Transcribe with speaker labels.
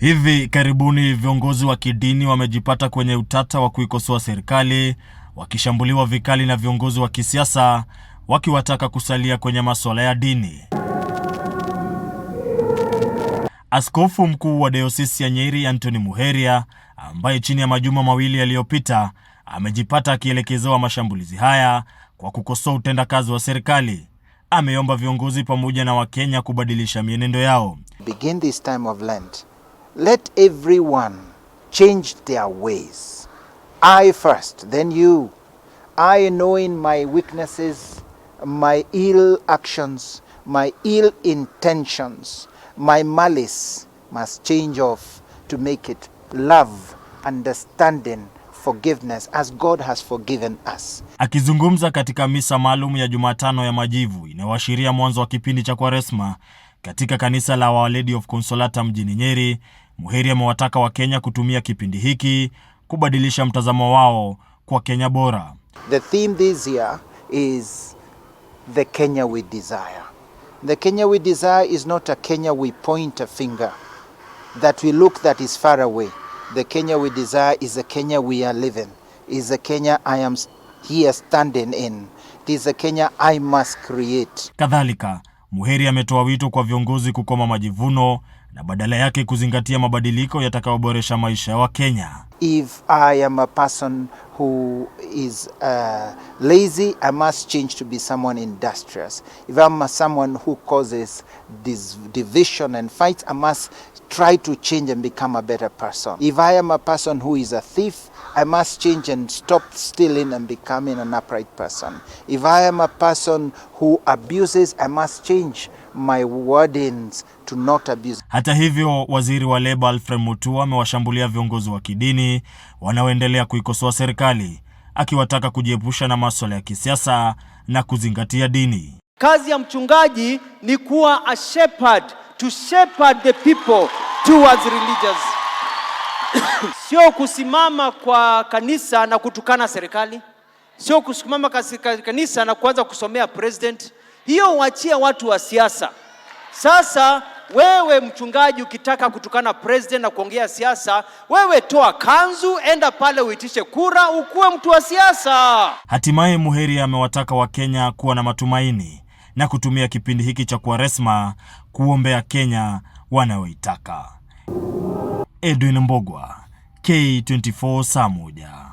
Speaker 1: Hivi karibuni viongozi wa kidini wamejipata kwenye utata wa kuikosoa serikali, wakishambuliwa vikali na viongozi wa kisiasa wakiwataka kusalia kwenye masuala ya dini. Askofu mkuu wa Dayosisi ya Nyeri Anthony Muheria, ambaye chini ya majuma mawili yaliyopita amejipata akielekezewa mashambulizi haya kwa kukosoa utendakazi wa serikali, ameomba viongozi pamoja na Wakenya kubadilisha mienendo yao.
Speaker 2: Begin this time of Lent. Let everyone change their ways. I first, then you. I knowing my weaknesses, my ill actions, my ill intentions, my malice must change off to make it love, understanding, forgiveness as God has forgiven us.
Speaker 1: Akizungumza katika misa maalum ya Jumatano ya Majivu inayoashiria mwanzo wa kipindi cha Kwaresma katika kanisa la Our Lady of Consolata mjini Nyeri, Muheri amewataka Wakenya kutumia kipindi hiki kubadilisha mtazamo wao kwa Kenya bora.
Speaker 2: The theme this year is the Kenya we desire. The Kenya we desire is not a Kenya we point a finger that we look that is far away. The Kenya we desire is a Kenya we are living. Is a Kenya I am here standing in. It is a Kenya I must create.
Speaker 1: Kadhalika, Muheri ametoa wito kwa viongozi kukoma majivuno na badala yake kuzingatia mabadiliko yatakayoboresha maisha ya Wakenya.
Speaker 2: If I am a person who is uh, lazy, I must change to be someone industrious. If I'm someone who causes this division and fights, I must try to change and become a better person. If I am a person who is a thief, I must change and stop stealing and becoming an upright person. If I am a person who abuses, I must change my wordings to not abuse.
Speaker 1: Hata hivyo, Waziri wa Leba Alfred Mutua amewashambulia viongozi wa kidini upinzani wanaoendelea kuikosoa serikali, akiwataka kujiepusha na masuala ya kisiasa na kuzingatia dini.
Speaker 3: Kazi ya mchungaji ni kuwa a shepherd, to shepherd the people towards religious sio kusimama kwa kanisa na kutukana serikali, sio kusimama kwa kanisa na kuanza kusomea president. Hiyo huachia watu wa siasa. Sasa wewe mchungaji, ukitaka kutukana president na kuongea siasa, wewe toa kanzu, enda pale uitishe kura, ukuwe mtu wa siasa.
Speaker 1: Hatimaye muheri amewataka Wakenya kuwa na matumaini na kutumia kipindi hiki cha Kwaresma kuombea Kenya wanayoitaka. Edwin Mbogwa, K24 saa moja.